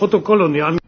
Zápisnica